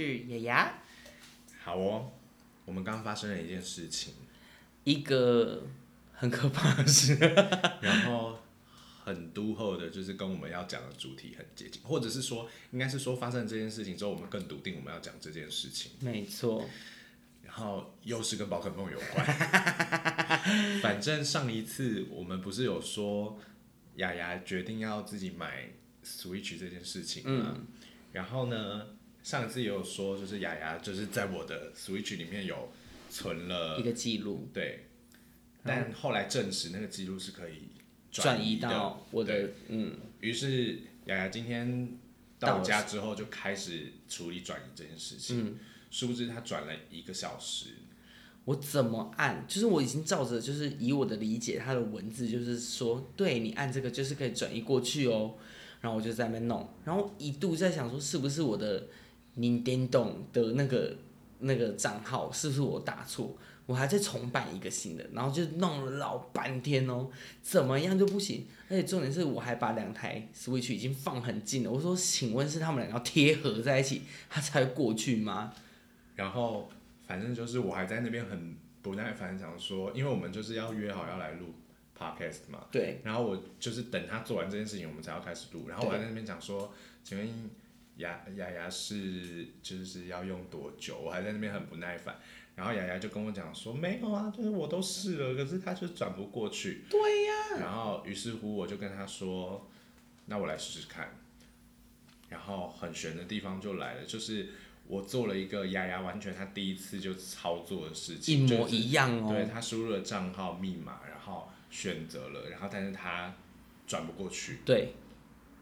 去亞亞，好哦。我們剛剛發生了一件事情，一個很可怕的事， 然後很篤厚的，就是跟我們要講的主題很接近，或者是說，應該是說發生了這件事情之後，我們更篤定我們要講這件事情。沒錯錯。然後又是跟寶可夢有關， 反正上一次我們不是有說亞亞決定要自己買 Switch 這件事情嗎？嗯、然後呢？上次也有說，就是亞亞就是在我的 Switch 裡面有存了一個記錄，對，但後來證實那個記錄是可以轉移的，轉移到我的，對嗯。於是亞亞今天到家之後就開始處理轉移這件事情。嗯。殊不知她轉了一個小時。我怎麼按？就是我已經照着，就是以我的理解，他的文字就是說，對你按這個就是可以轉移過去哦。然後我就在那邊弄，然後一度在想說是不是我的。你電動的那個那個賬號是不是我打錯？我還在重辦一個新的，然後就弄了老半天哦、喔，怎麼樣就不行？而且重點是我還把兩台 Switch 已經放很近了。我說，請問是他們兩個要貼合在一起，它才會過去嗎？然後反正就是我還在那邊很不耐煩，想說，因為我們就是要約好要來錄 podcast 嘛，對。然後我就是等他做完這件事情，我們才要開始錄。然後我還在那邊講說，對請問。亞亞亞是就是要用多久？我還在那邊很不耐煩，然後亞亞就跟我講說，沒有啊，就是我都試了，可是它就轉不過去。對呀。然後於是乎我就跟他說，那我來試試看。然後很玄的地方就來了，就是我做了一個亞亞完全他第一次就操作的事情，一模一樣哦。對，他輸入了賬號密碼，然後選擇了，然後但是他轉不過去。對。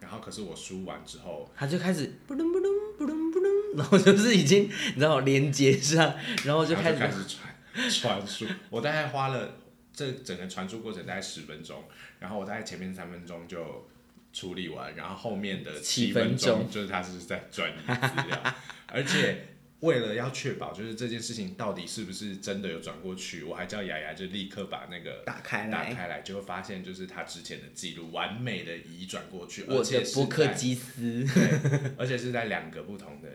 然後，可是我輸完之後，他就開始布隆布隆布隆布隆，然後就是已經然後連接上，然後就開始傳 傳輸。我大概花了這整個傳輸過程大概十分鐘，然後我大概前面三分鐘就處理完，然後後面的七分鐘就是他是在轉移資料，分 而且。為了要確保，就是這件事情到底是不是真的有轉過去，我還叫亞亞就立刻把那個打開打開來，就會發現就是他之前的記錄完美的移轉過去，而且我的波克基斯，對 而且是在兩個不同的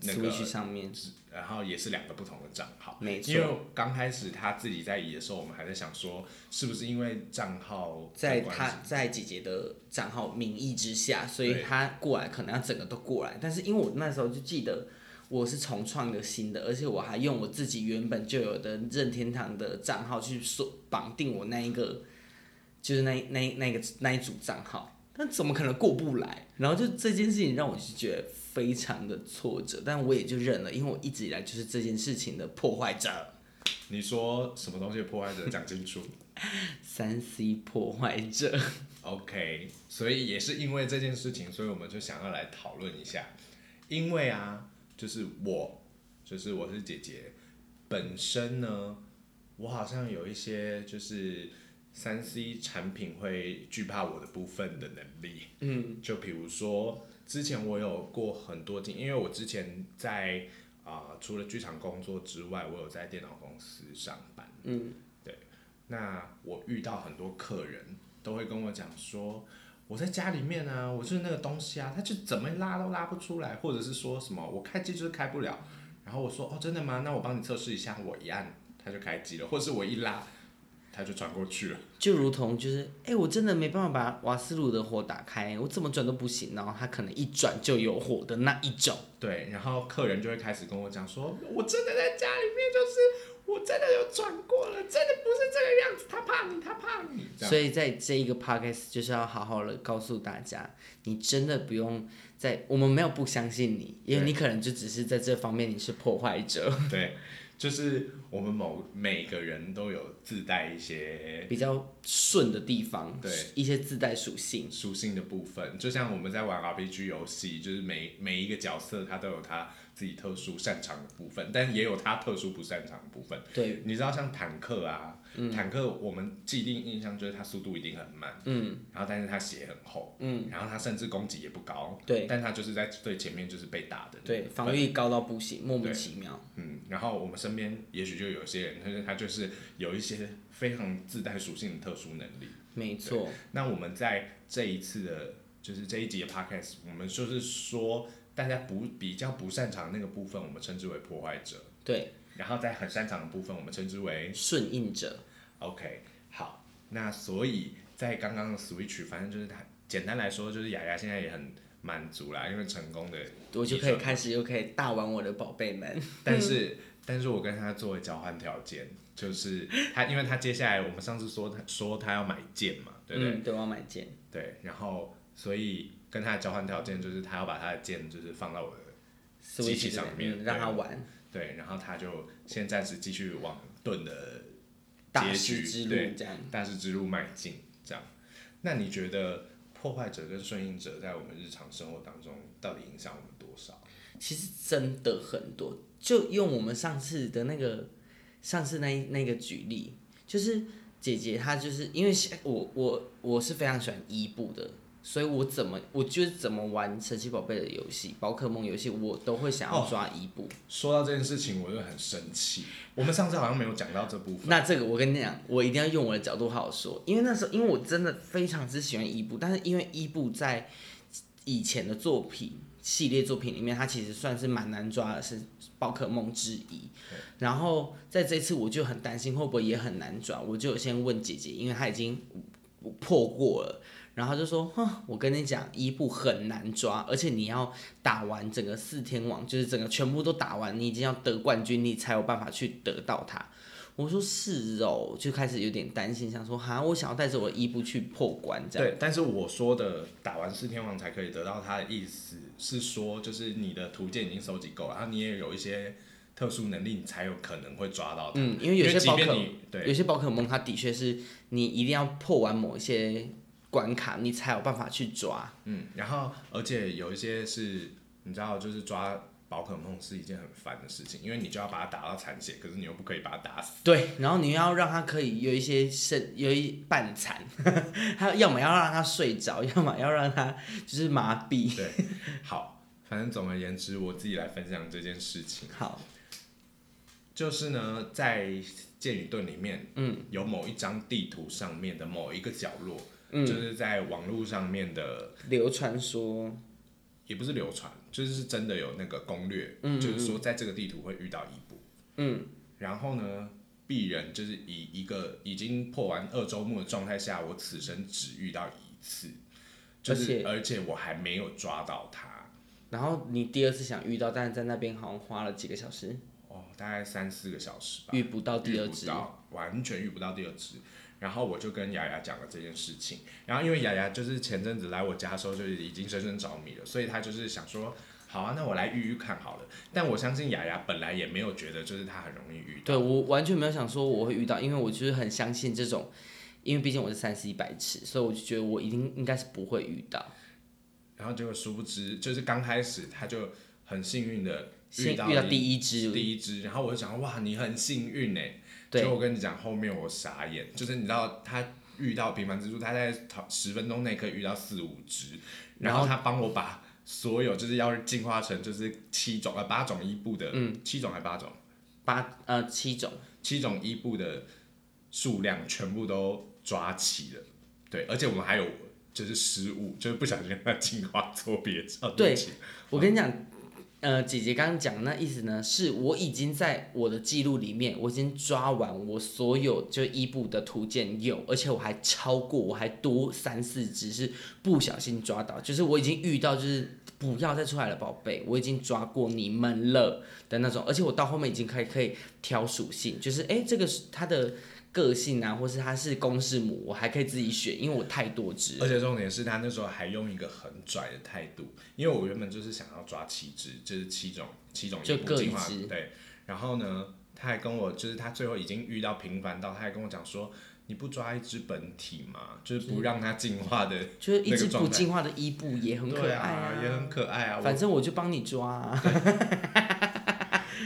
那個上面，然後也是兩個不同的賬號。沒錯，因為剛開始他自己在移的時候，我們還在想說是不是因為賬號在他在姐姐的賬號名義之下，所以他過來可能要整個都過來，對但是因為我那時候就記得。我是重創的新的，而且我還用我自己原本就有的任天堂的賬號去說綁定我那一個，就是那那那一個那一組賬號，但怎麼可能過不來？然後就這件事情讓我是覺得非常的挫折，但我也就認了，因為我一直以來就是這件事情的破壞者。你說什麼東西破壞者？講清楚。三 C 破壞者。OK，所以也是因為這件事情，所以我們就想要來討論一下，因為啊。就是我，就是我是姐姐，本身呢，我好像有一些就是三 C 產品會懼怕我的部分的能力，嗯，就比如說之前我有過很多經，因為我之前在啊、呃、除了劇場工作之外，我有在電腦公司上班，嗯，對，那我遇到很多客人都會跟我講說。我在家裡面呢、啊,我就是那個東西啊,他就怎麼拉都拉不出來,或者是說什麼我開機就是開不了。然後我說哦,真的嗎?那我幫你測試一下,我一按他就開機了,或是我一拉,他就轉過去了。就如同就是哎、欸,我真的沒辦法把瓦斯爐的火打開,我怎麼轉都不行,然後他可能一轉就有火的那一種。對,然後客人就會開始跟我講說,我真的在家裡面就是。所以在這一個 podcast 就是要好好的告訴大家，你真的不用再我們沒有不相信你，因為你可能就只是在這方面你是破壞者。對，就是我們某每個人都有自帶一些比較順的地方，對，一些自帶屬性、屬性的部分。就像我們在玩 RPG 遊戲，就是每每一個角色他都有他自己特殊擅長的部分，但也有他特殊不擅長的部分。對，你知道像坦克啊。坦克，我們既定印象就是它速度一定很慢，嗯，然後但是它血很厚，嗯，然後它甚至攻擊也不高，對、嗯，但它就是在最前面就是被打的，對，對防禦高到不行，莫名其妙。嗯，然後我們身邊也許就有些人，就是他就是有一些非常自帶屬性的特殊能力，沒錯。那我們在這一次的就是這一集的 podcast，我們就是說大家不比較不擅長那個部分，我們稱之為破壞者，對。然後在很擅長的部分，我們稱之為順應者。OK，好，那所以，在剛剛的 Switch，反正就是他，簡單來說就是亞亞現在也很滿足啦，因為成功的，我就可以開始又可以大玩我的寶貝們。但是， 但是我跟他作為交換條件，就是他，因為他接下來我們上次說，說他要買劍嘛，對不對？嗯、對，我要買劍。對，然後所以跟他的交換條件，就是他要把他的劍，就是放到我的機器上面，嗯、讓他玩。對，然後他就現在是繼續往盾的，大師之路這樣，大師之路邁進這樣。那你覺得破壞者跟順應者在我們日常生活當中到底影響我們多少？其實真的很多，就用我們上次的那個上次那那個舉例，就是姐姐她就是因為我我我是非常喜歡伊布的。所以，我怎麼，我就是怎麼玩神奇寶貝的遊戲，寶可夢遊戲，我都會想要抓伊布。哦，說到這件事情，我就很生氣。我們上次好像沒有講到這部分。那這個，我跟你講，我一定要用我的角度好好說。因為那時候，因為我真的非常之喜歡伊布，但是因為伊布在以前的作品系列作品裡面，它其實算是蠻難抓的，是寶可夢之一。嘿然後在這次，我就很擔心會不會也很難抓。我就先問姐姐，因為她已經破過了。然後他就說，哼，我跟你講，伊布很難抓，而且你要打完整個四天王，就是整個全部都打完，你已經要得冠軍，你才有辦法去得到它。我說是哦，就開始有點擔心，想說，哈，我想要帶着我伊布去破關，這樣對。但是我說的打完四天王才可以得到它的意思是說，就是你的圖鑑已經收集夠，然後你也有一些特殊能力，你才有可能會抓到它。嗯，因為有些寶可，對，有些寶可夢，它的確是你一定要破完某一些。關卡，你才有辦法去抓。嗯，然後而且有一些是你知道，就是抓寶可夢是一件很煩的事情，因為你就要把它打到殘血，可是你又不可以把它打死。對，然後你又要讓它可以有一些剩，有一半殘，它 要麼要讓它睡着，要麼要讓它就是麻痹。嗯，對，好，反正總而言之，我自己來分享這件事情。好，就是呢，在劍與盾裡面，嗯，有某一張地圖上面的某一個角落。嗯、就是在網絡上面的流傳說，也不是流傳，就是真的有那個攻略，嗯嗯嗯，就是說在這個地圖會遇到一波，嗯，然後呢，鄙人就是以一個已經破完二周目的狀態下，我此生只遇到一次，就是，而且而且我還沒有抓到它，然後你第二次想遇到，但是在那邊好像花了幾個小時，哦，大概三四個小時吧，遇不到第二隻，完全遇不到第二隻。然後我就跟亞亞講了這件事情，然後因為亞亞就是前陣子來我家的時候，就是已經深深着迷了，所以她就是想說，好啊，那我來遇遇看好了。但我相信亞亞本來也沒有覺得，就是她很容易遇到。對，我完全沒有想說我會遇到，因為我就是很相信這種，因為畢竟我是三十一白痴，所以我就覺得我一定應該是不會遇到。然後結果殊不知，就是剛開始他就很幸運的遇，遇到第一隻，第一隻，然後我就想，哇，你很幸運呢，欸。所以我對跟你講，後面我傻眼，就是你知道他遇到平凡之蛛，他在十分鐘內可以遇到四五隻，然後他幫我把所有就是要進化成就是七種呃八種伊布的，嗯、七種還八種，八呃七種，七種伊布的數量全部都抓齊了，對，而且我們還有就是失誤，就是不小心他進化錯別字，對不起，我跟你講。嗯呃，姐姐剛剛講的那意思呢，是我已經在我的記錄裡面，我已經抓完我所有這一部的圖鑑有，而且我還超過，我還多三四隻是不小心抓到，就是我已經遇到就是不要再出來了寶貝，我已經抓過你們了的那種，而且我到後面已經可以可以挑屬性，就是誒，這個是它的。個性啊，或是它是公是母，我還可以自己選，因為我太多隻。而且重點是他那時候還用一個很拽的態度，因為我原本就是想要抓七隻，就是七種，七種伊布進化，對。然後呢，他還跟我，就是他最後已經遇到頻繁到，他還跟我講說：“你不抓一隻本體嘛，就是不讓它進化的，就是一隻不進化的伊布也很可愛啊，對啊，也很可愛啊。我”反正我就幫你抓啊。對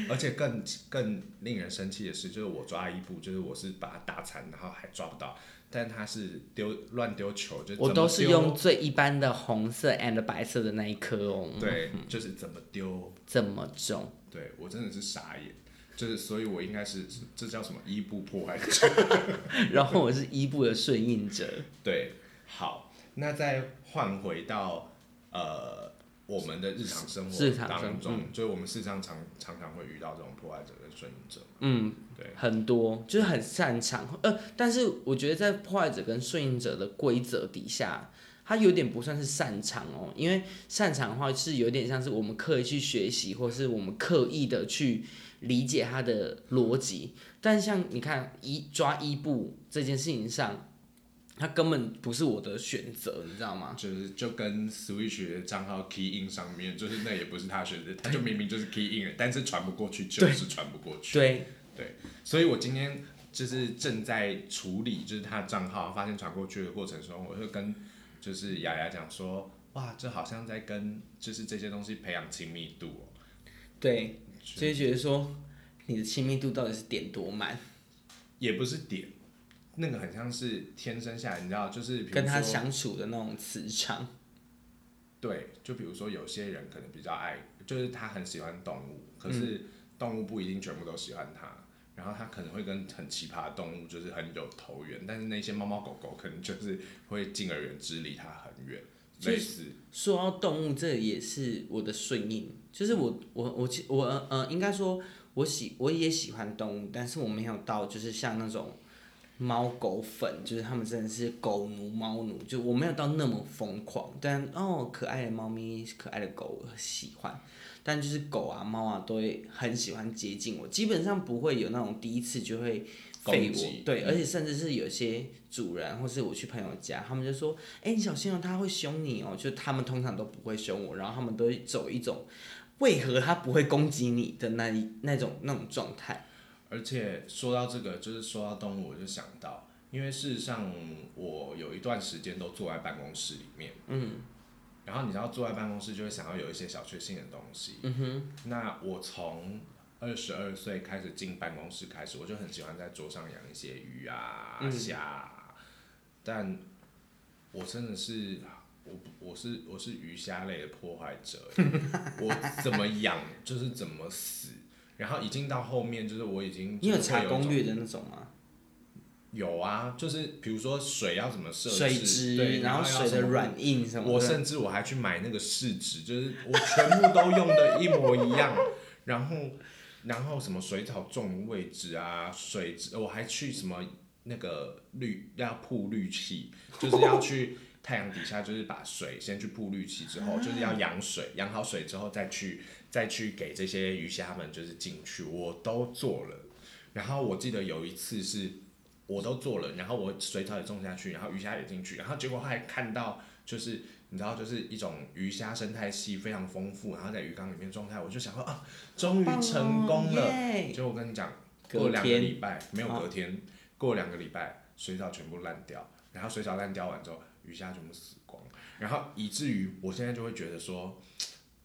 而且更更令人生氣的是，就是我抓伊布，就是我是把它打殘，然後還抓不到，但它是丟亂丟球，就是、我都是用最一般的紅色 and 白色的那一顆哦。對，就是怎麼丟，怎、嗯嗯、麼中，對我真的是傻眼，就是所以我應該是這叫什麼伊布破壞 然後我是伊布的順應者。對，好，那再換回到呃。我們的日常生活當中，所以、嗯、我們世上常常常會遇到這種破壞者跟順應者。嗯，對，很多就是很擅長，對呃，但是我覺得在破壞者跟順應者的規則底下，他有點不算是擅長哦，因為擅長的話是有點像是我們刻意去學習，或是我們刻意的去理解他的邏輯。但像你看一抓一步這件事情上。他根本不是我的選擇，你知道嗎？就是就跟 Switch 的賬號 Key In 上面，就是那也不是他的選擇，他就明明就是 Key In 了，但是傳不過去，就是傳不過去。對對，所以我今天就是正在處理，就是他的賬號，發現傳過去的過程中，我就跟就是亞亞講說，哇，這好像在跟就是這些東西培養親密度哦。對，所以、嗯、就覺得說你的親密度到底是點多滿，也不是點。那個很像是天生下來，你知道，就是跟他相處的那種磁場。對，就比如說有些人可能比較愛，就是他很喜歡動物，可是動物不一定全部都喜歡他。嗯、然後他可能會跟很奇葩的動物就是很有投緣，但是那些貓貓狗狗可能就是會敬而遠之，離他很遠，就是、類似。說到動物，這也是我的順應，就是我我我我呃，應該說，我喜我也喜歡動物，但是我沒有到就是像那種。貓狗粉，就是他們真的是狗奴貓奴，就我沒有到那麼瘋狂，但哦，可愛的貓咪、可愛的狗我喜歡，但就是狗啊貓啊都會很喜歡接近我，基本上不會有那種第一次就會吠我，攻擊。對，而且甚至是有些主人或是我去朋友家，他們就說，哎、欸、你小心哦、喔，他會凶你哦、喔，就他們通常都不會凶我，然後他們都會走一種為何他不會攻擊你的那一那種那種狀態。而且說到這個，就是說到動物，我就想到，因為事實上我有一段時間都坐在辦公室裡面，嗯，然後你知道坐在辦公室就會想要有一些小確幸的東西，嗯哼，那我從二十二歲開始進辦公室開始，我就很喜歡在桌上養一些魚啊蝦、嗯啊，但我真的是，我我是我是魚蝦類的破壞者， 我怎麼養就是怎麼死。然後已經到後面，就是我已經有。你有查攻略的那種嗎？有啊，就是比如說水要怎麼設置。水質對然後，然後水的軟硬什麼。我甚至我還去買那個試紙，就是我全部都用的一模一樣。 然後，然後什麼水草種位置啊，水我還去什麼那個濾要鋪濾器，就是要去太陽底下，就是把水 先去鋪濾器之後，就是要養水，養好水之後再去。再去給這些魚蝦們就是進去，我都做了。然後我記得有一次是，我都做了。然後我水草也種下去，然後魚蝦也進去。然後結果還看到，就是你知道，就是一種魚蝦生態系非常豐富。然後在魚缸裡面狀態，我就想說啊，終於成功了。了結果我跟你講，過兩個禮拜天沒有隔天，好過兩個禮拜水草全部爛掉，然後水草爛掉完之後，魚蝦全部死光。然後以至於我現在就會覺得說。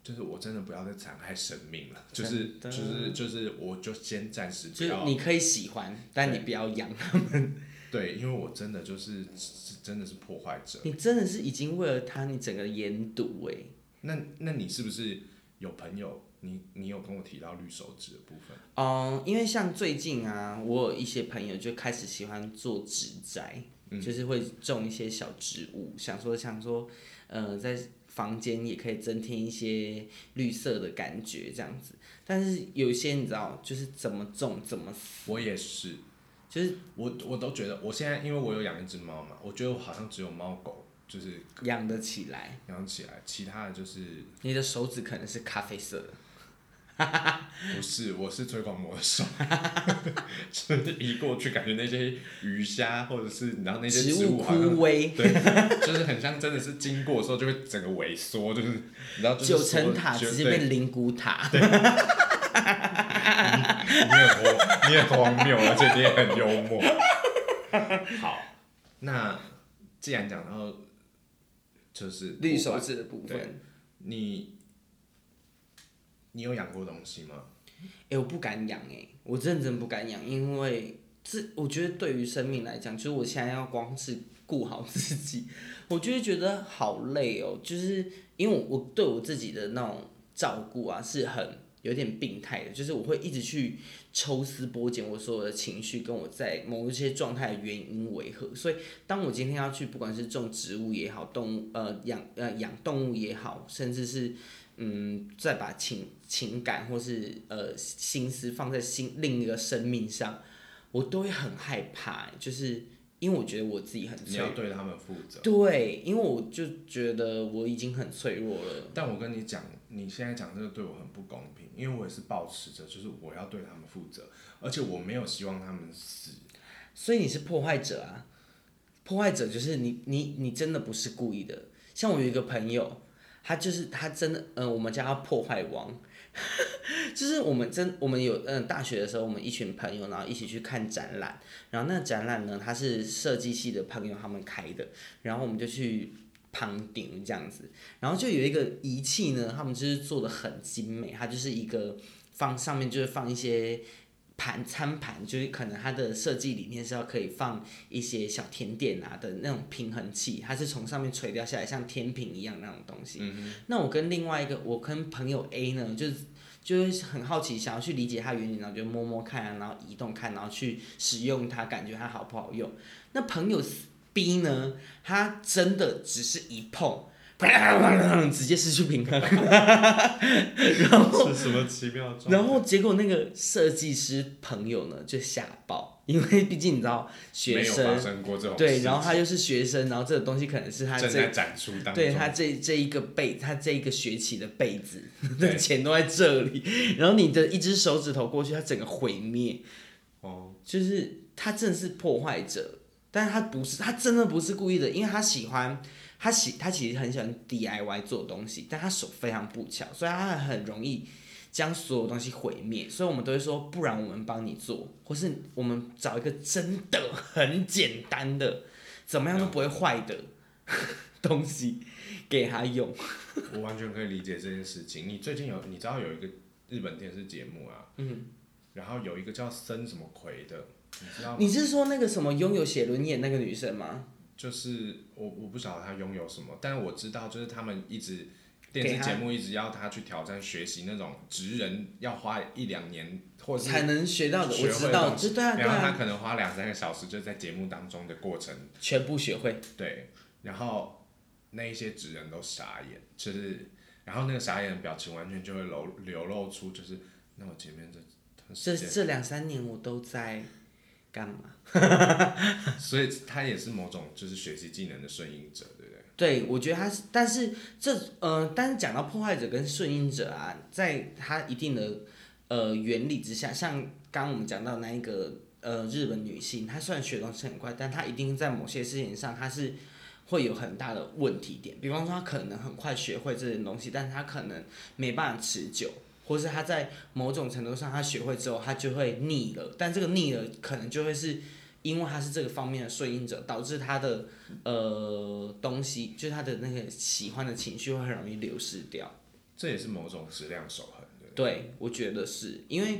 就是我真的不要再殘害生命了，就是就是的就是，就是、我就先暫時。就是你可以喜歡，但你不要養他們，對。對，因為我真的就是，是真的是破壞者。你真的是已經為了他，你整個研讀誒。那那你是不是有朋友？你你有跟我提到綠手指的部分？哦，uh, 因為像最近啊，我有一些朋友就開始喜歡做植栽，就是會種一些小植物，嗯、想說想說，呃，在。房間也可以增添一些綠色的感覺，這樣子。但是有一些你知道，就是怎麼種怎麼死。我也是，就是我我都覺得，我現在因為我有養一隻貓嘛，我覺得我好像只有貓狗就是養得起來，養起來，其他的就是。你的手指可能是咖啡色的。 不是，我是推廣模特。哈哈哈，就是一過去，感覺那些魚蝦或者是然後那些植物，植物枯萎 對，就是很像真的是經過的時候就會整個萎縮，就是你知道九層塔直接變靈骨塔。哈哈哈哈哈你很荒，你很荒謬，而且你也很幽默。好，那既然講到就是綠手指的部分，你。你有養過東西嗎？誒，我不敢養誒，我真的真的不敢養，因為這我覺得對於生命來講，就是我現在要光是顧好自己，我就是覺得好累哦，就是因為我，我對我自己的那種照顧啊，是很有點病態的，就是我會一直去抽絲剝繭，我所有的情緒跟我在某一些狀態的原因為何，所以當我今天要去，不管是種植物也好，動物呃養呃養動物也好，甚至是。嗯，再把情情感或是呃心思放在新另一個生命上，我都會很害怕，就是因為我覺得我自己很脆弱。你要對他們負責。對，因為我就覺得我已經很脆弱了。但我跟你講，你現在講這個對我很不公平，因為我也是抱持著，就是我要對他們負責，而且我沒有希望他們死。所以你是破壞者啊？破壞者就是你，你，你真的不是故意的。像我有一個朋友。他就是他真的，嗯、呃，我們叫它破壞王， 就是我們真我們有，嗯、呃，大學的時候，我們一群朋友，然後一起去看展覽，然後那個展覽呢，他是設計系的朋友他們開的，然後我們就去旁聽這樣子，然後就有一個儀器呢，他們就是做得很精美，它就是一個放上面就是放一些。盤餐盤就是可能它的設計理念是要可以放一些小甜點啊的那種平衡器，它是從上面垂掉下來，像天平一樣那種東西。嗯、哼那我跟另外一個，我跟朋友 A 呢，就是就是很好奇，想要去理解它原理，然後就摸摸看啊，然後移動看啊，然後去使用它，感覺它好不好用。那朋友 B 呢，它真的只是一碰。啪！直接失去平衡， 然後是什麼奇妙狀？然後結果那個設計師朋友呢，就嚇爆，因為畢竟你知道學生沒有發生過這種事情對，然後他就是學生，然後這個東西可能是他這正在展出當中，對，他這這一個被他這一個學期的被子的對 錢都在這裡，然後你的一隻手指頭過去，他整個毀滅哦就是他真的是破壞者，但是他不是，他真的不是故意的，因為他喜歡。他喜他其實很喜歡 DIY 做東西，但他手非常不巧，所以他很容易將所有東西毀滅。所以我們都會說，不然我們幫你做，或是我們找一個真的很簡單的，怎麼樣都不會壞的東西給他用。我完全可以理解這件事情。你最近有你知道有一個日本電視節目啊，嗯哼，然後有一個叫森什麼葵的，你知道嗎？你是說那個什麼擁有寫輪眼那個女生嗎？就是我我不曉得他擁有什麼，但是我知道，就是他們一直電視節目一直要他去挑戰學習那種職人要花一兩年給他，或者才能學到的東西，我知道，就對啊，然後他可能花兩三個小時就在節目當中的過程全部學會，對。然後那一些職人都傻眼，就是然後那個傻眼的表情完全就會流流露出，就是那我前面這這這兩三年我都在。幹幹嘛？ 所以他也是某種就是學習技能的順應者，對不對？對，我覺得他是，但是這呃，但是講到破壞者跟順應者啊，在他一定的呃原理之下，像剛剛我們講到那一個呃日本女性，她雖然學東西很快，但她一定在某些事情上她是會有很大的問題點。比方說，她可能很快學會這些東西，但是她可能沒辦法持久。或是他在某種程度上，他學會之後，他就會膩了。但這個膩了，可能就會是，因為他是這個方面的順應者，導致他的呃東西，就他的那個喜歡的情緒會很容易流失掉。這也是某種質量守恆，對，對。對，我覺得是因為，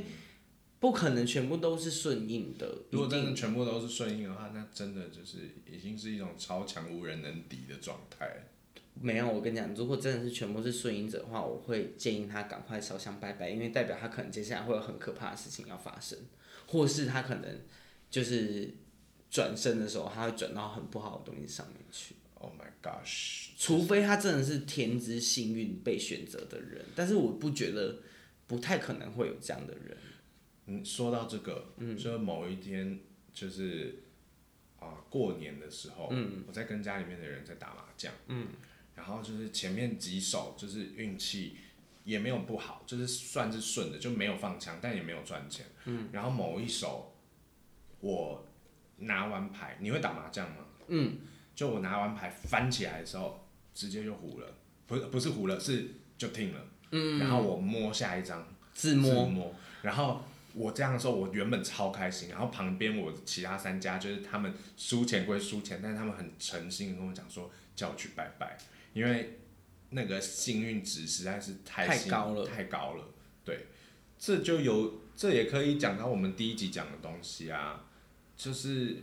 不可能全部都是順應的。如果真的全部都是順應的話，一定。那真的就是已經是一種超強無人能敵的狀態。沒有，我跟你講，如果真的是全部是順應者的話，我會建議他趕快燒香拜拜，因為代表他可能接下來會有很可怕的事情要發生，或是他可能就是轉生的時候，他會轉到很不好的東西上面去。Oh my gosh！除非他真的是天之幸運被選擇的人，但是我不覺得不太可能會有這樣的人。嗯，說到這個，嗯，說某一天就是啊、呃、過年的時候，嗯，我在跟家裡面的人在打麻將，嗯。然後就是前面幾手就是運氣也沒有不好，就是算是順的，就沒有放槍，但也沒有賺錢。嗯，然後某一手我拿完牌，你會打麻將嗎？嗯。就我拿完牌翻起來的時候，直接就胡了，不是，不是胡了，是就聽了。嗯，然後我摸下一張，自摸。自摸。然後我這樣的時候，我原本超開心，然後旁邊我其他三家就是他們輸錢歸輸錢，但是他們很誠心跟我講說叫我去拜拜。因為那個幸運值實在是太，太高了，太高了。對，這就有這也可以講到我們第一集講的東西啊，就是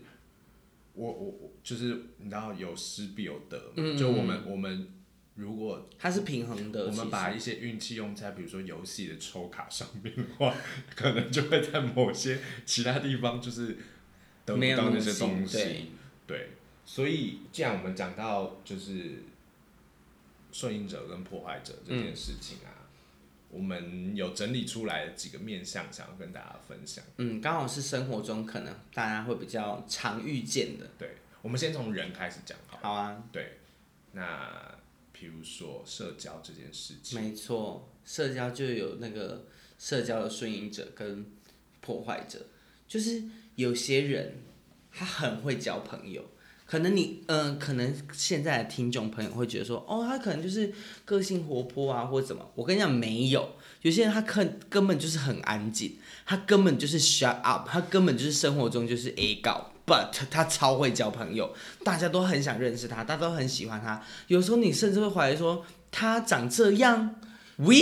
我我就是你知道有失必有得嘛，嗯、嗯，就我們我們如果它是平衡的我，我們把一些運氣用在實比如說遊戲的抽卡上面的話，可能就會在某些其他地方就是得到那些東西。東西對，對，所以既然我們講到就是，順應者跟破壞者這件事情啊，嗯、我們有整理出來的幾個面向，想要跟大家分享。嗯，剛好是生活中可能大家會比較常遇見的。對，我們先從人開始講好。好啊。對，那譬如說社交這件事情。沒錯，社交就有那個社交的順應者跟破壞者，就是有些人他很會交朋友。可能你，嗯、呃，可能現在的聽眾朋友會覺得說，哦，他可能就是個性活潑啊，或者怎麼？我跟你講，沒有，有些人他可根本就是很安靜，他根本就是 shut up，他根本就是生活中就是 a 高，but 他超會交朋友，大家都很想認識他，大家都很喜歡他，有時候你甚至會懷疑說，他長這樣，喂。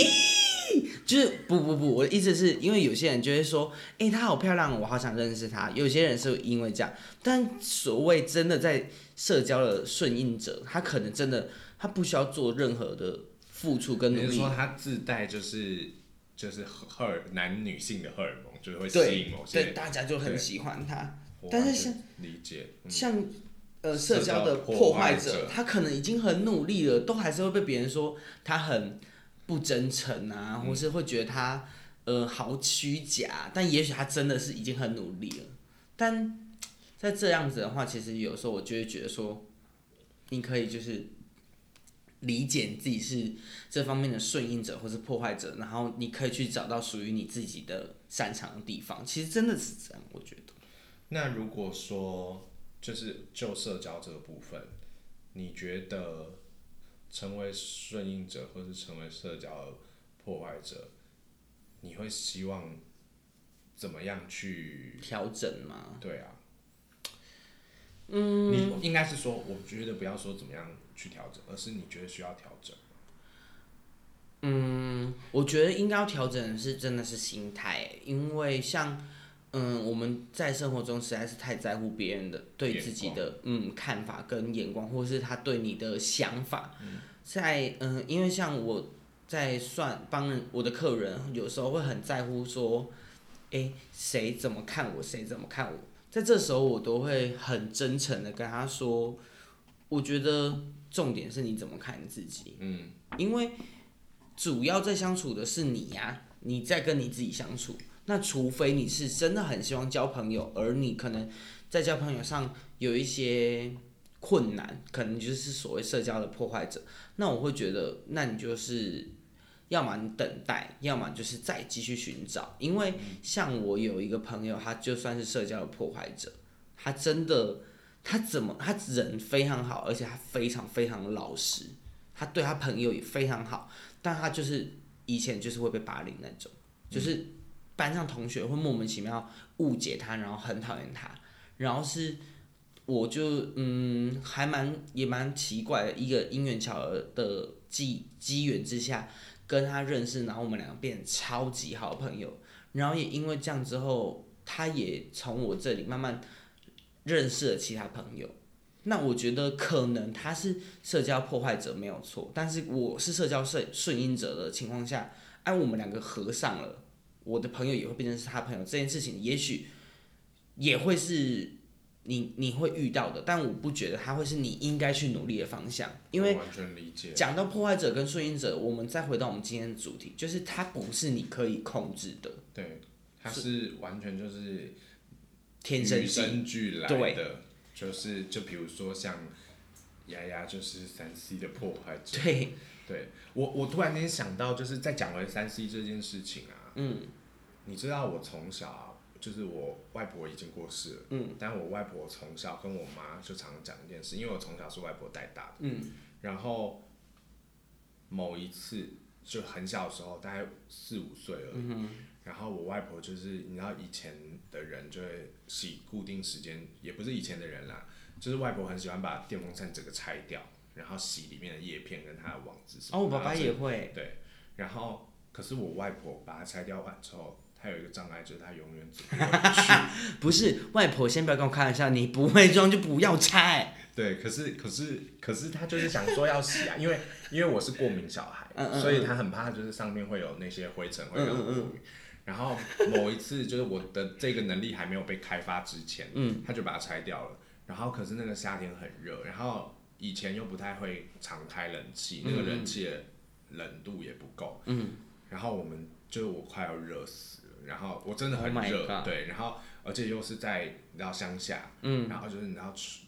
就是不不不，我的意思是因為有些人就會說，誒，她好漂亮，我好想認識她。有些人是因為這樣，但所謂真的在社交的順應者，他可能真的他不需要做任何的付出跟努力，比如說他自帶就是就是荷爾男女性的荷爾蒙就會吸引某些，對，對大家就很喜歡他。但是像理解、嗯、像呃社交的破壞者，者他可能已經很努力了，都還是會被別人說他很。不真誠啊，或是會覺得他，呃，好虛假。但也許他真的是已經很努力了。但，在這樣子的話，其實有時候我就會覺得說，你可以就是理解自己是這方面的順應者或是破壞者，然後你可以去找到屬於你自己的擅長的地方。其實真的是這樣，我覺得。那如果說就是就社交這個部分，你覺得？成為順應者，或是成為社交破壞者，你會希望怎麼樣去調整嗎？對啊，嗯，你應該是說，我覺得不要說怎麼樣去調整，而是你覺得需要調整。嗯，我覺得應該要調整的是真的是心態，因為像。嗯，我們在生活中實在是太在乎別人的對自己的眼光。嗯，看法跟眼光，或是他對你的想法。嗯，在嗯，因為像我在算幫人我的客人，有時候會很在乎說，哎、欸，誰怎麼看我，誰怎麼看我？在這時候，我都會很真誠的跟他說，我覺得重點是你怎麼看你自己。嗯，因為主要在相處的是你呀、啊，你在跟你自己相處。那除非你是真的很希望交朋友，而你可能在交朋友上有一些困難，可能就是所謂社交的破壞者。那我會覺得，那你就是要麼你等待，要麼就是再繼續尋找。因為像我有一個朋友，他就算是社交的破壞者，他真的，他怎麼，他人非常好，而且他非常非常老實，他對他朋友也非常好，但他就是以前就是會被霸凌那種，就是。班上同學會莫名其妙誤解他，然後很討厭他。然後是我就嗯，還蠻也蠻奇怪的一個因緣巧合的機機緣之下跟他認識，然後我們兩個變超級好朋友。然後也因為這樣之後，他也從我這裡慢慢認識了其他朋友。那我覺得可能他是社交破壞者沒有錯，但是我是社交順順應者的情況下，哎，我們兩個合上了。我的朋友也會變成是他朋友這件事情，也許也會是你你會遇到的，但我不覺得他會是你應該去努力的方向。因為完全理解。講到破壞者跟順應者，我們再回到我們今天的主題，就是他不是你可以控制的。對，他是完全就是天生俱來的，對就是就比如說像亞亞就是三 C 的破壞者。對，對。我我突然間想到，就是在講完三 C 這件事情啊。嗯，你知道我從小、啊、就是我外婆已經過世了，嗯、但我外婆從小跟我媽就常講一件事，因為我從小是外婆帶大的。嗯，然後某一次就很小的時候，大概四五歲而已。嗯、哼然後我外婆就是，你知道以前的人就會洗固定時間，也不是以前的人啦，就是外婆很喜歡把電風扇整個拆掉，然後洗裡面的葉片跟它的網子什麼。哦，我爸爸也會。然後就，對，然後。可是我外婆把它拆掉完之後，她有一個障礙，就是她永遠走不會去。 不是外婆，先不要跟我開玩笑，你不會裝就不要拆。對，可是可是可是她就是想說要洗啊， 因為因為我是過敏小孩，嗯嗯，所以她很怕，就是上面會有那些灰塵會讓我過敏。嗯嗯然後某一次就是我的這個能力還沒有被開發之前，嗯，她就把它拆掉了。然後可是那個夏天很熱，然後以前又不太會常開冷氣，嗯嗯，那個冷氣冷度也不夠，嗯。然後我們就我快要熱死了，然後我真的很熱，oh、對，然後而且又是在你知道鄉下，嗯，然後就是然後蟬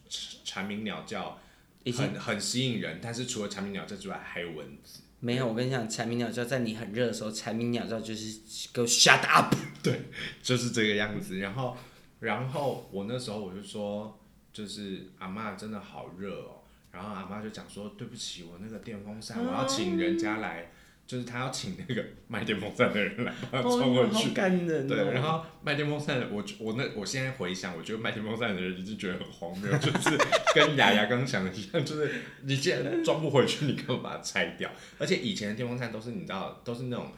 蟬鳴鳥叫很，很經很吸引人，但是除了蟬鳴鳥叫之外，還有蚊子。沒有，我跟你講，蟬鳴鳥叫在你很熱的時候，蟬鳴鳥叫就是給我 shut up，對，就是這個樣子。然後然後我那時候我就說，就是阿嬤真的好熱哦，然後阿嬤就講說，對不起，我那個電風扇我要請人家來。嗯就是他要請那個賣電風扇的人來，要裝回去。對，然後賣電風扇的，我我那我現在回想，我覺得賣電風扇的人已經覺得很荒謬，就是跟雅雅剛剛講的一樣，就是你既然裝不回去，你幹嘛把它拆掉？而且以前的電風扇都是你知道，都是那種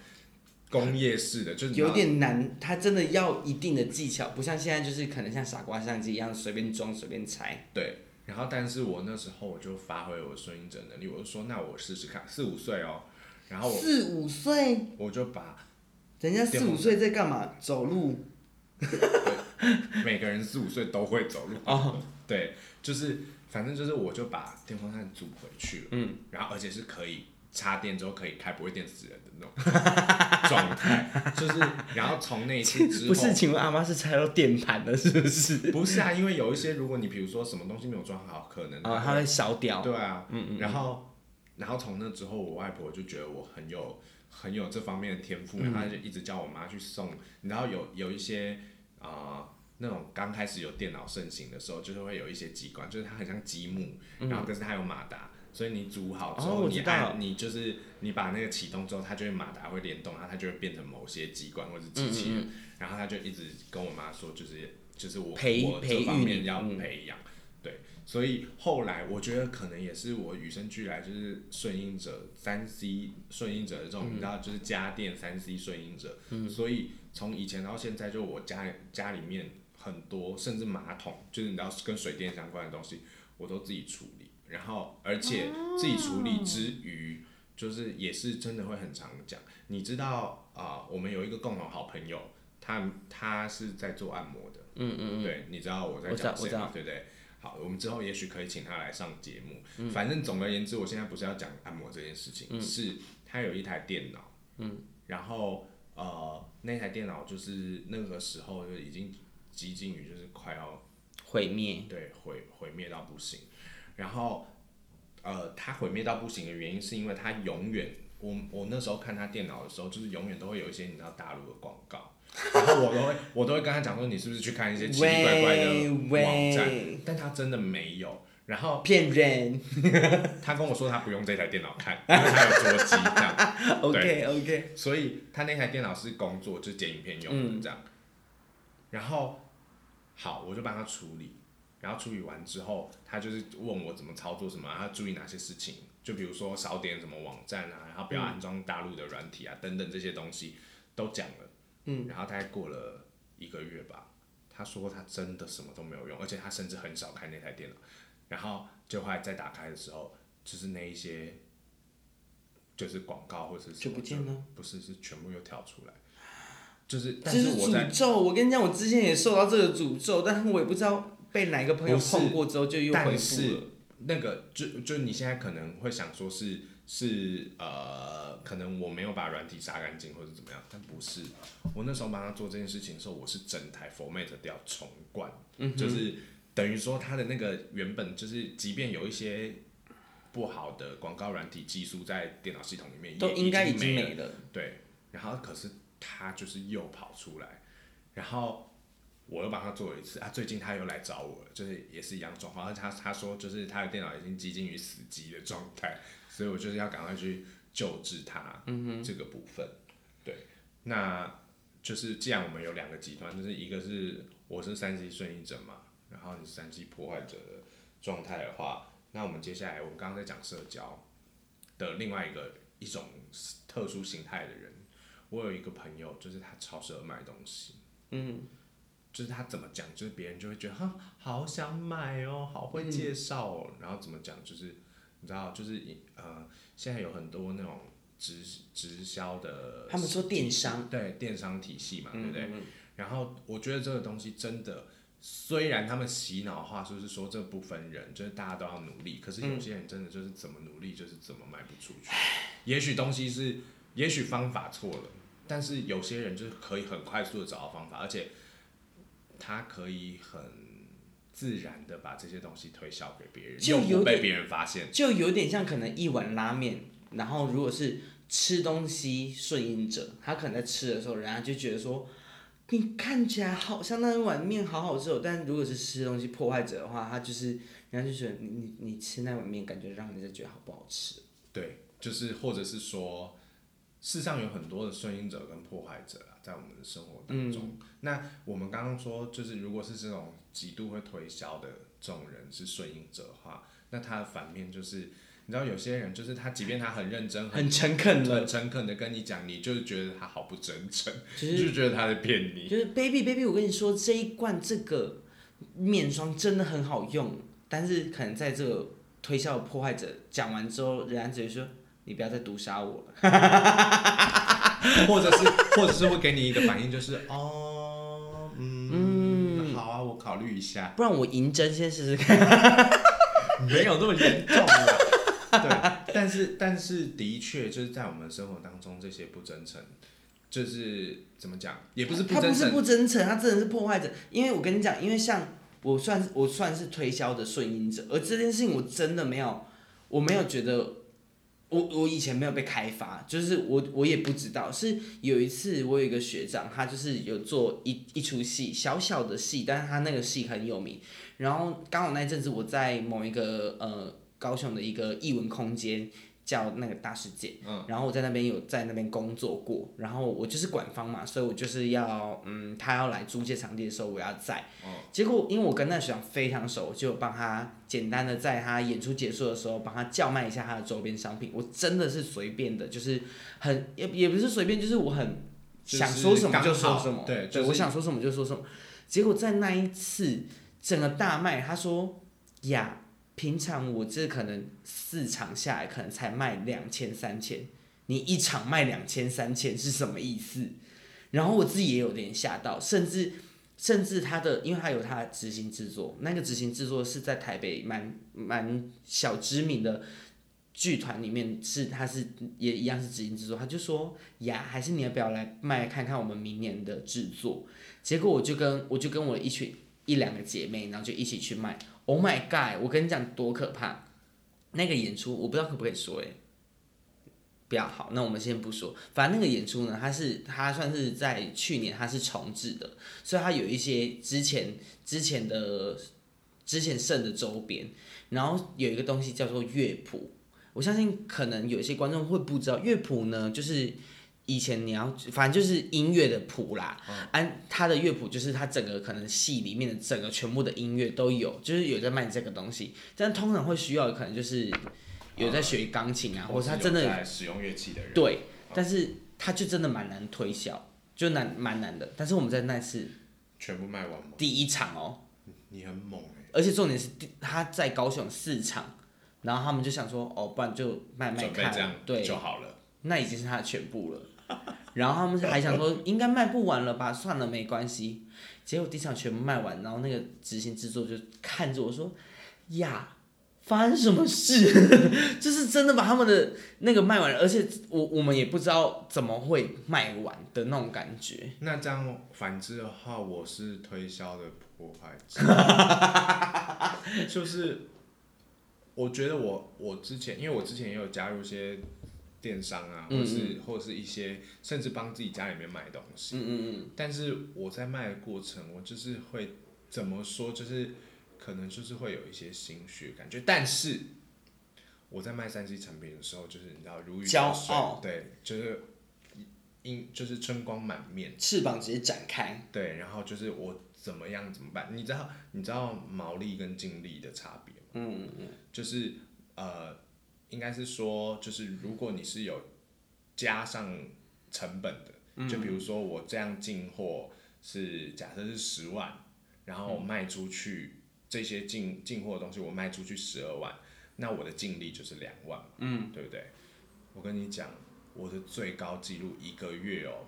工業式的，就是有點難，它真的要一定的技巧，不像現在就是可能像傻瓜相機一樣隨便裝隨便拆。對，然後但是我那時候我就發揮我的順應者能力，我就說那我試試看，四五歲哦。四五歲，我就把，人家四五歲在幹嘛？走路。 每個人四五歲都會走路啊，oh. 對，就是反正就是我就把電風扇組回去了，嗯，然後而且是可以插電之後可以開不會電死人的那種狀態， 就是然後從那一次之後， 不是，請問阿媽是拆到電盤的，是不是？不是啊，因為有一些如果你比如說什麼東西沒有裝好，可能啊，oh, 它會燒掉。對啊，嗯，嗯嗯，然後。然後從那之後，我外婆就覺得我很有很有這方面的天賦，嗯嗯然後她就一直叫我媽去送。你知道有有一些啊、呃、那種剛開始有電腦盛行的時候，就是會有一些機關，就是它很像積木，嗯嗯然後但是它有馬達，所以你組好之後，哦、你把按、哦、你就是你把那個啟動之後，它就會馬達會聯動，然後它就會變成某些機關或者機器人。嗯嗯然後她就一直跟我媽說，就是就是我陪我這方面要培養，嗯、對。所以後來，我覺得可能也是我與生俱來就是順應者三 C 順應者的這種，你知道，就是家電三 C 順應者。嗯。所以從以前到現在，就我家家裡面很多，甚至馬桶，就是你知道跟水電相關的東西，我都自己處理。然後而且自己處理之餘，就是也是真的會很常講，你知道啊，呃，我們有一個共同好朋友，他他是在做按摩的。嗯嗯嗯，對，你知道我在講誰嗎？我想對不對，對？好，我們之後也許可以請他來上節目。嗯、反正總而言之，我現在不是要講按摩這件事情，嗯、是他有一台電腦。嗯、然後呃，那台電腦就是那個時候就已經幾近於就是快要毀滅，毀滅對，毀毀滅到不行。然後呃，他毀滅到不行的原因是因為他永遠，我我那時候看他電腦的時候，就是永遠都會有一些你知道大陸的廣告。 然後我都會，我都會跟他講說，你是不是去看一些奇奇怪怪的網站？喂但他真的沒有。然後騙人， 他跟我說他不用這台電腦看，因為他有桌機這樣。 對 OK OK。所以他那台電腦是工作，就剪影片用的這樣。嗯、然後好，我就幫他處理。然後處理完之後，他就是問我怎麼操作什麼，他要注意哪些事情，就比如說少點什麼網站啊，然後不要安裝大陸的軟體啊，嗯、等等這些東西都講了。嗯，然後大概過了一個月吧，他說他真的什麼都沒有用。而且，他甚至很少開那台電腦，然後就後來再打開的時候，就是那一些，就是廣告或者是，什麼就，就不見了，不是是全部又跳出來，就是但是詛咒，我跟你講，我之前也受到這個詛咒，但是我也不知道被哪一個朋友碰過之後不是，就又恢復了但是，那個就就你現在可能會想說是。是呃，可能我沒有把軟體殺乾淨或者怎麼樣，但不是，我那時候幫他做這件事情的時候，我是整台 format 掉重灌。嗯、哼就是等於說他的那個原本就是，即便有一些不好的廣告軟體技術在電腦系統裡面，都應該已經沒了。沒了對，然後可是他就是又跑出來，然後我又幫他做了一次啊，最近他又來找我了，就是也是一樣狀況，而且他他說就是他的電腦已經接近於死機的狀態。所以我就是要趕快去救治他，嗯哼，這個部分，嗯、哼對，那，就是既然我們有兩個極端，就是一個是我是三級順應者嘛，然後你是三級破壞者的狀態的話，那我們接下來我們剛剛在講社交的另外一個一種特殊形態的人，我有一個朋友就是他超適合賣東西，嗯，就是他怎麼講，就是別人就會覺得哈好想買哦，好會介紹哦，嗯、然後怎麼講就是。你知道，就是呃，現在有很多那種直直銷的，他們說電商，對電商體系嘛，嗯嗯嗯，對不對？對？然後我覺得這個東西真的，雖然他們洗腦話術是說，這部分人就是大家都要努力，可是有些人真的就是怎麼努力就是怎麼賣不出去。嗯、也許東西是，也許方法錯了，但是有些人就是可以很快速的找到方法，而且他可以很。自然的把這些東西推銷給別人，就有不被別人發現。就有點像可能一碗拉麵，然後如果是吃東西順應者，他可能在吃的時候，人家就覺得說你看起來好像那一碗面好好吃哦。但如果是吃東西破壞者的話，他就是人家就覺得你你你吃那碗麵，感覺讓人家覺得好不好吃？對，就是或者是說，世上有很多的順應者跟破壞者啊，在我們的生活當中。嗯，那我們剛剛說，就是如果是這種。極度會推銷的這種人是順應者的話，那他的反面就是，你知道有些人就是他，即便他很認真、很誠懇、很誠懇的,的跟你講，你就是覺得他好不真誠，你就是覺得他在騙你。就是 baby baby，我跟你說，這一罐這個面霜真的很好用，但是可能在這個推銷的破壞者講完之後，人家直接說：“你不要再毒殺我了。 ”或者是，或者是會給你一個反應就是哦。考慮一下，不然我銀針先試試看。 沒有這麼嚴重。對，但是但是的確就是在我們生活當中這些不真誠，就是怎麼講，也不是不真誠。他不是不真誠，他真的是破壞者。因為我跟你講，因為像我算我算是推銷的順應者，而這件事情我真的沒有，我沒有覺得。嗯我我以前沒有被開發，就是我我也不知道，是有一次我有一個學長，他就是有做一一出戲，小小的戲，但是他那個戲很有名，然後剛好那陣子我在某一個呃高雄的一個藝文空間。叫那個大世界，嗯、然後我在那邊有在那邊工作過，然後我就是館方嘛，所以我就是要，嗯，他要來租借場地的時候，我要在。嗯、結果因為我跟那學長非常熟，就幫他簡單的在他演出結束的時候幫他叫賣一下他的周邊商品。我真的是隨便的，就是很也也不是隨便，就是我很想說什麼就說什麼，對，就是，對，我想說什麼就說什麼。結果在那一次整個大賣，他說呀。平常我這可能四場下來可能才賣兩千三千，你一場賣兩千三千是什麼意思？然後我自己也有點嚇到，甚至甚至他的，因為他有他的執行制作，那個執行制作是在台北蠻蠻小知名的劇團裡面，是他是也一樣是執行制作，他就說呀，還是你要不要來賣，看看我們明年的制作。結果我就跟我就跟我一群，一兩個姐妹，然後就一起去賣。Oh my god！我跟你講多可怕，那個演出我不知道可不可以說哎、欸，比較好。那我們先不說，反正那個演出呢，它是它算是在去年它是重製的，所以它有一些之前之前的之前剩的周邊，然後有一個東西叫做樂譜。我相信可能有一些觀眾會不知道，樂譜呢就是。以前你要反正就是音樂的譜啦，按、哦啊、他的樂譜就是他整個可能戲裡面的整個全部的音樂都有，就是有在賣這個東西。但通常會需要的可能就是有在學鋼琴啊，哦、或者他真的有在使用樂器的人。對，哦、但是他就真的蠻難推銷，就難蠻難的。但是我們在那次一、哦、全部賣完嗎？第一場哦，你很猛、欸、而且重點是，他在高雄四場，然後他們就想說，哦，不然就賣賣看，對，就好了。那已經是他的全部了。 然後他們還想說應該賣不完了吧， 算了沒關係。結果地上全部賣完，然後那個執行製作就看着我說：“呀，發生什麼事？ 就是真的把他們的那個賣完，而且我我們也不知道怎麼會賣完的那種感覺。”那這樣反之的話，我是推銷的破壞者，就是我覺得我我之前因為我之前也有加入一些。電商啊，或是嗯嗯或者是一些，甚至幫自己家裡面賣東西。嗯嗯嗯，但是我在賣的過程，我就是會怎麼說？就是可能就是會有一些心虛感覺。但是我在賣三 C 產品的時候，就是你知道如魚得水。驕傲。哦、對，就是，應就是春光滿面。翅膀直接展開。對，然後就是我怎麼樣怎麼辦？你知道你知道毛利跟淨利的差別嗎？嗯，嗯，嗯。就是呃。應該是說，就是如果你是有加上成本的，嗯、就比如說我這樣進貨是假設是十萬，然後賣出去，嗯、這些進進貨的東西，我賣出去十二萬，那我的淨利就是兩萬，嗯，對不對？我跟你講，我的最高記錄一個月哦，喔，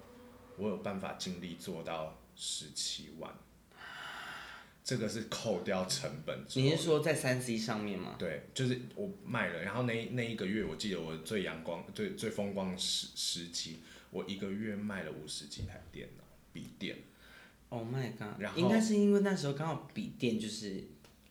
我有辦法淨利做到十七萬。這個是扣掉成本。你是說在三 C 上面嗎？對，就是我賣了，然後那那一個月，我記得我最陽光、最最風光時時期，我一個月賣了五十幾台電腦，筆電。Oh my god！然後應該是因為那時候剛好筆電就是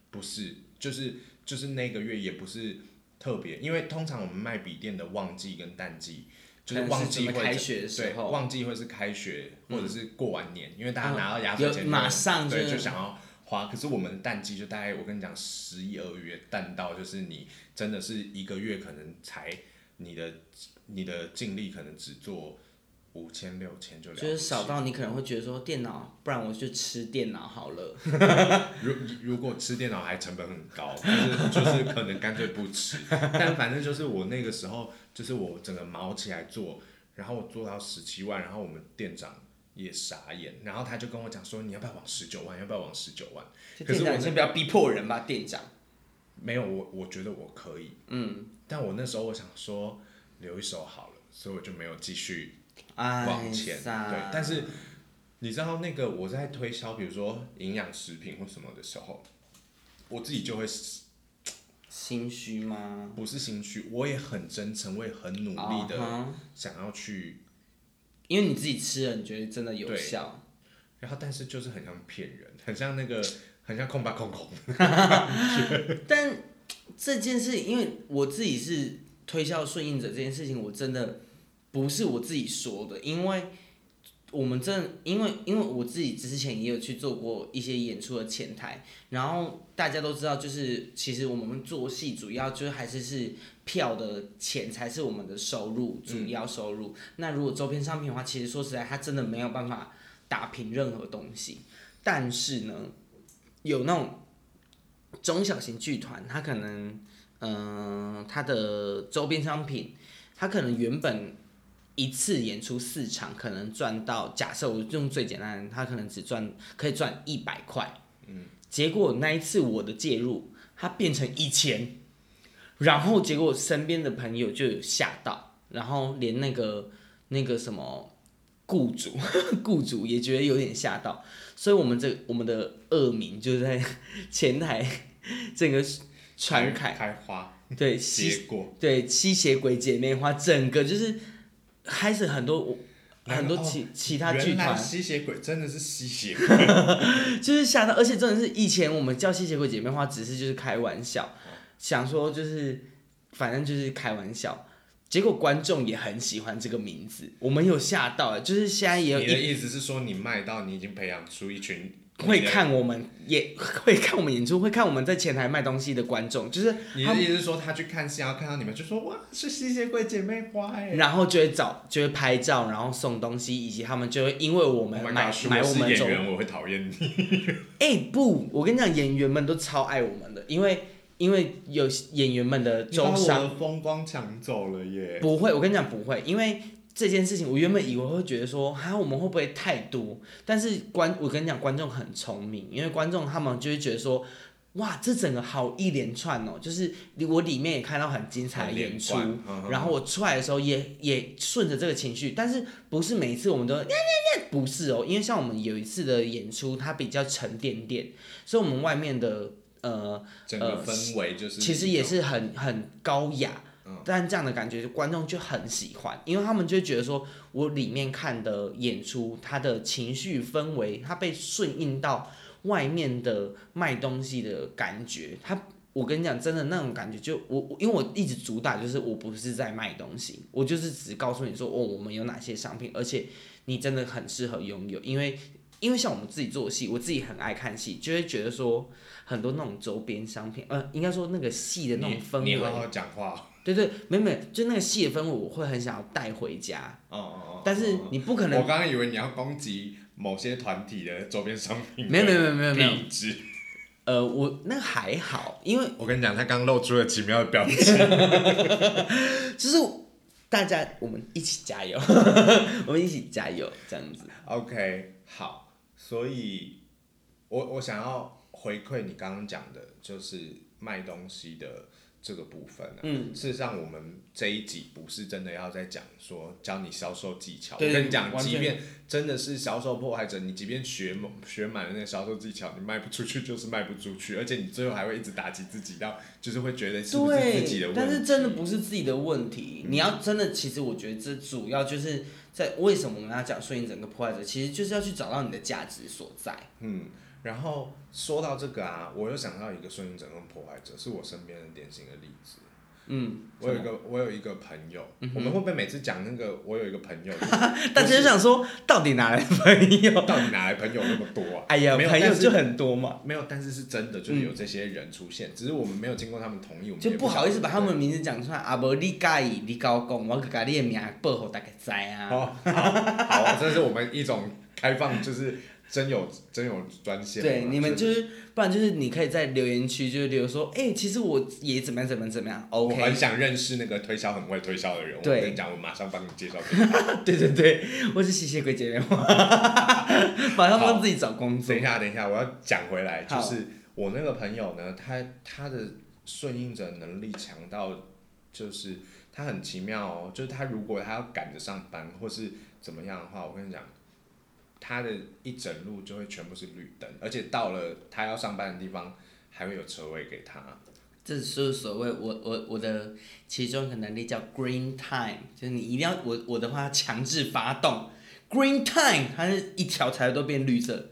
不是，就是就是那個月也不是特別，因為通常我們賣筆電的旺季跟淡季，就是旺季會開學的時候，旺季會是開學、嗯、或者是過完年，因為大家拿到壓歲錢馬上就對就想要。花可是我們的淡季就大概我跟你講十一二月淡到就是你真的是一個月可能才你的你的淨利可能只做五千六千就千就是少到你可能會覺得說電腦，不然我就吃電腦好了。 如果如果吃電腦還成本很高，就是就是可能乾脆不吃。 但反正就是我那個時候就是我整個卯起來做，然後我做到十七萬，然後我們店長。也傻眼，然後他就跟我講說：“你要不要往十九萬？要不要往十九萬？”電可是我先不要逼迫人吧，店長。沒有，我，我覺得我可以。嗯，但我那時候我想說留一手好了，所以我就沒有繼續往前。哎、噠對，但是你知道那個我在推銷，比如說營養食品或什麼的時候，我自己就會心虛嗎？不是心虛，我也很真誠，我也很努力的想要去。因為你自己吃了，你覺得真的有效，然後但是就是很像騙人，很像那個，很像空白空空。 但這件事，因為我自己是推銷順應者，這件事情我真的不是我自己說的，因為。我們這，因為因為我自己之前也有去做過一些演出的前台，然後大家都知道，就是其實我們做戲主要就是還是是票的錢才是我們的收入，主要收入。嗯、那如果周邊商品的話，其實說實在，它真的沒有辦法打平任何東西。但是呢，有那種中小型劇團，它可能，嗯、呃，它的周邊商品，它可能原本。一次演出四場，可能賺到。假設我用最簡單的，他可能只賺可以賺一百塊，嗯。結果那一次我的介入，他變成一千。然後結果我身邊的朋友就有嚇到，然後連那個那個什麼僱主，僱主也覺得有點嚇到。所以，我們這我們的惡名就在前台整個傳開，開花。對果吸血鬼對吸血鬼姐妹花，整個就是。嗯還是很多，很多其，後其他劇團吸血鬼真的是吸血鬼。 就是嚇到，而且真的是以前我們叫吸血鬼姐妹花只是就是開玩笑，哦、想說就是反正就是開玩笑，結果觀眾也很喜歡這個名字，我們有嚇到，嗯、就是現在也有。你的意思是說你賣到你已經培養出一群。會看我們，也會看我們演出，會看我們在前台賣東西的觀眾，就是他們意思是說他去看戲，然後看到你們就說哇，是吸血鬼姐妹花哎，然後就會找就會拍照，然後送東西，以及他們就會因為我們買、oh、my God, 買我們的演員我會討厭你。哎、欸、不，我跟你講，演員們都超愛我們的，因為因為有演員們的周商的風光搶走了耶。不會，我跟你講不會，因為。這件事情，我原本以為會覺得說，哈，我們會不會太多？但是觀，我跟你講，觀眾很聰明，因為觀眾他們就會覺得說，哇，這整個好一連串哦，就是我裡面也看到很精彩的演出，呵呵然後我出來的時候也也順着這個情緒，但是不是每一次我們都、嗯、不是哦，因為像我們有一次的演出，它比較沉甸甸，所以我們外面的呃呃氛圍就是、呃、其實也是很很高雅，但這樣的感覺就，觀眾就很喜歡，因為他們就會覺得說，我裡面看的演出，他的情緒氛圍，他被順應到外面的賣東西的感覺，他，我跟你講，真的那種感覺就，就我，因為我一直主打就是我不是在賣東西，我就是只告訴你說，哦，我們有哪些商品，而且你真的很適合擁有，因為，因為像我們自己做戲，我自己很愛看戲，就會覺得說，很多那種周邊商品，呃，應該說那個戲的那種氛圍，你好好講話。對對，每每就那個蟹分，我會很想要帶回家。哦哦哦。但是你不可能。哦。我剛剛以為你要攻擊某些團體的週邊商品。沒有沒有沒有沒有沒有。呃，我那還好，因為。我跟你講，他剛剛露出了奇妙的表情。哈哈哈！就是大家我們一起加油， 我們一起加油這樣子。OK，好，所以，我我想要回饋你剛剛講的，就是賣東西的。這個部分，啊、嗯，事實上我們這一集不是真的要在講說教你銷售技巧。對我跟你講，完全即便真的是銷售破壞者，你即便學滿學滿了那個銷售技巧，你賣不出去就是賣不出去，而且你最後還會一直打擊自己，到就是會覺得是不是自己的問題。但是真的不是自己的問題，嗯、你要真的，其實我覺得這主要就是在為什麼我們要講順應整個破壞者，其實就是要去找到你的價值所在。嗯，然後。說到這個啊，我又想到一個順應者跟破壞者，是我身邊的典型的例子。嗯，我有一個，我有一個朋友，我們會不會每次講那個？我有一個朋友，大家就想說，到底哪來朋友？到底哪來朋友那麼多啊？哎呀，朋友就很多嘛。沒有，但是是真的，就是有這些人出現，只是我們沒有經過他們同意，我們就不好意思把他們的名字講出來。啊，無你介意，你跟我講，我就把你的名報給大家知啊。好，這是我們一種開放，就是。真有真有專線。對，你們就是，就不然就是你可以在留言區，就是比如說，哎、欸，其實我也怎麼樣怎麼樣怎麼樣。OK、我很想認識那個推銷很會推銷的人。對我跟你講，我馬上幫你介紹給他。 對對對，我是吸血鬼接電話， 馬上幫自己找工作。等一下，等一下，我要講回來，好就是我那個朋友呢，他他的順應者能力強到，就是他很奇妙哦，就是他如果他要趕着上班或是怎麼樣的話，我跟你講。他的一整路就會全部是綠燈，而且到了他要上班的地方，還會有車位給他。這是所謂我我我的其中一個能力叫 green time，就是你一定要我我的話強制發動 green time，它是一條車都變綠色，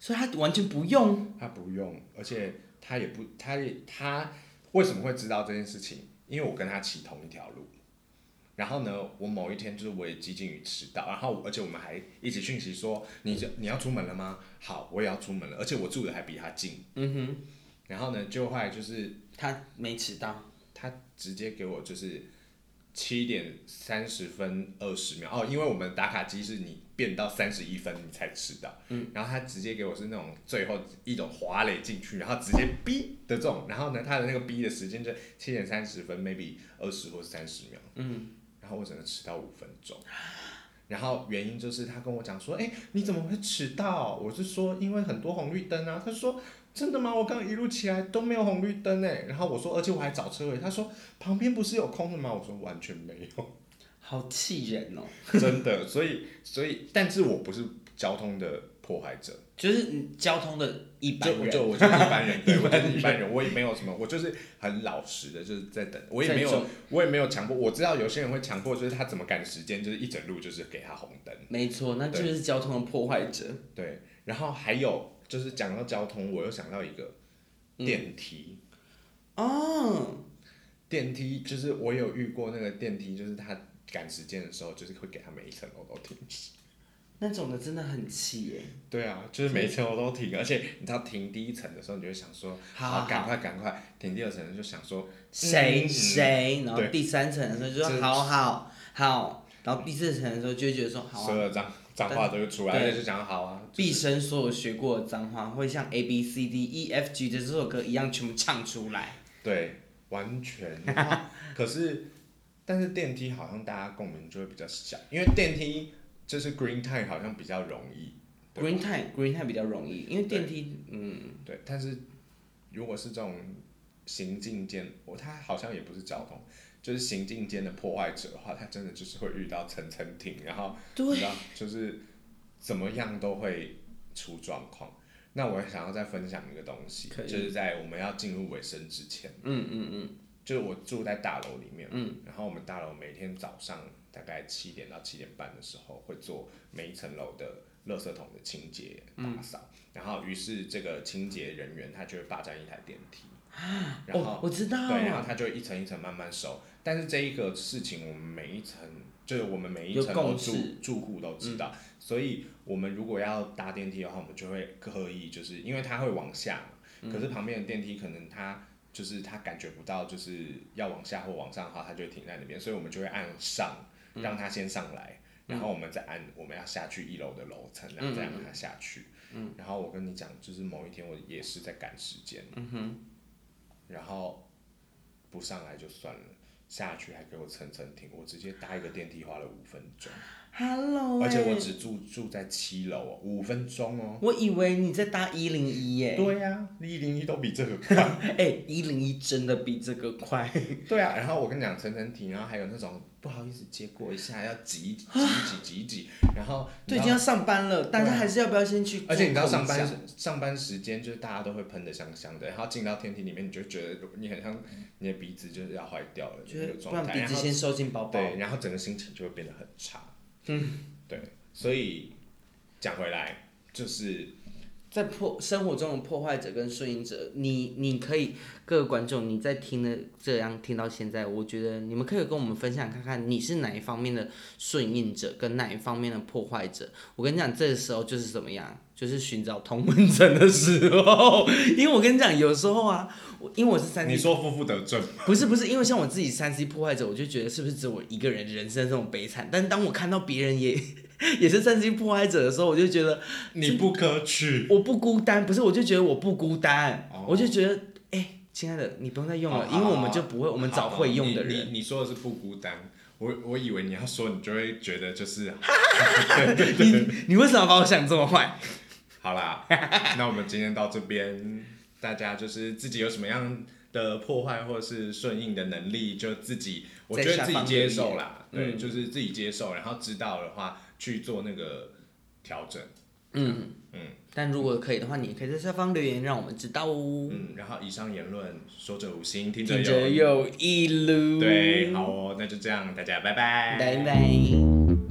所以他完全不用。他不用，而且他也不他也他為什麼會知道這件事情？因為我跟他騎同一條路。然後呢，我某一天就是我也接近於遲到，然後而且我們還一起訊息說，你你要出門了嗎？好，我也要出門了，而且我住的還比他近。嗯哼。然後呢，就會就是他沒遲到，他直接給我就是七點三十分二十秒哦，因為我們打卡機是你變到三十一分你才遲到。嗯。然後他直接給我是那種最後一種滑壘進去，然後直接嗶的這種，然後呢他的那個嗶的時間就七點三十分，maybe 二十或三十秒。嗯。然後我只能遲到五分鐘，然後原因就是他跟我講說：“哎，你怎麼會遲到？”我是說因為很多紅綠燈啊。他說：“真的嗎？我剛一路起來都沒有紅綠燈哎。”然後我說：“而且我還找車位。”他說：“旁邊不是有空的嗎？”我說：“完全沒有。”好氣人哦！ 真的，所以所以，但是我不是交通的破壞者。就是你交通的一般人，就我就，我就一般人，一般 一般人，我也沒有什麼，我就是很老實的，就是在等，我也沒有，重我也沒有強迫，我知道有些人會強迫，就是他怎麼趕時間，就是一整路就是給他紅燈。沒錯，那就是交通的破壞者對。對，然後還有就是講到交通，我又想到一個電梯哦，電梯就是我有遇過那個電梯，就是他趕時間的時候，就是會給他每一層樓都停那種的真的很氣耶！對啊，就是每一層我都停，而且你知道停第一層的時候，你就會想說：“好，趕快趕快！”停第二層就想說：“誰誰？”然後第三層的時候就說：“好好好。”然後第四層的時候就會覺得說：“好。”所有髒髒話都會出來，就講好啊！畢生所有學過的髒話，會像 A B C D E F G 的這首歌一樣，全部唱出來。對，完全。可是，但是電梯好像大家共鳴就會比較小，因為電梯。就是 green time 好像比較容易，green time green time 比較容易，因為電梯，對嗯，對。但是如果是這種行進間，我它好像也不是交通，就是行進間的破壞者的話，它真的就是會遇到層層停，然後，對，就是怎麼樣都會出狀況。那我也想要再分享一個東西，以就是在我們要進入尾聲之前，嗯嗯嗯，嗯嗯就是我住在大樓裡面，嗯，然後我們大樓每天早上。大概七點到七點半的時候，會做每一層樓的垃圾桶的清潔打掃，嗯、然後於是這個清潔人員他就會霸佔一台電梯，啊，然後、哦、我知道、啊，對，然後他就一層一層慢慢收，但是這一個事情我們每一層就是我們每一層住住戶都知道，嗯、所以我們如果要搭電梯的話，我們就會刻意就是因為它會往下嘛，嗯、可是旁邊的電梯可能它就是它感覺不到就是要往下或往上的話，它就會停在那邊，所以我們就會按上。讓他先上來，然後我們再按，嗯、哼我們要下去一樓的樓層，然後再讓他下去。嗯、哼然後我跟你講，就是某一天我也是在趕時間，嗯、哼然後不上來就算了，下去還給我層層停，我直接搭一個電梯花了五分鐘。Hello，而且我只住、欸、住在七樓哦，五分鐘哦。我以為你在搭一零一耶。對呀、啊，一零一都比這個快。哎、 欸，一零一真的比這個快。對啊，然後我跟你講，層層停，然後還有那種。不好意思，借過一下，要擠一擠，擠擠擠， 然後，對，後已經要上班了，大家對還是要不要先去？而且你知道上班上班時間，就是大家都會噴的香香的，然後進到電梯裡面，你就覺得你好像你的鼻子就是要壞掉了，覺得有不然鼻子先收進包包，對，然後整個心情就會變得很差。嗯，對，所以講回來就是。在破生活中的破壞者跟順應者，你你可以各位觀眾，你在聽的這樣聽到現在，我覺得你們可以跟我們分享看看你是哪一方面的順應者跟哪一方面的破壞者。我跟你講，這個、時候就是怎麼樣，就是尋找同門者的時候，因為我跟你講，有時候啊，因為我是三西，你說夫婦得正，不是不是，因為像我自己三西破壞者，我就覺得是不是只有我一個人人生這種悲慘，但當我看到別人也。也是正經破壞者的時候，我就覺得就你不可取。我不孤單，不是，我就覺得我不孤單。Oh. 我就覺得，哎、欸，親愛的，你不用再用了，oh. Oh. 因為我們就不會，我們找會用的人。你你，你說的是不孤單，我我以為你要說，你就會覺得就是。你你為什麼要把我想這麼壞？ 好啦，那我們今天到這邊，大家就是自己有什麼樣的破壞或者是順應的能力，就自己我覺得自己接受啦，對，嗯、就是自己接受，然後知道的話。去做那個調整，嗯嗯，嗯，但如果可以的話，你可以在下方留言讓我們知道哦。嗯，然後以上言論說者無心，聽者有，有意嘍。對，好哦，那就這樣，大家拜拜，拜拜。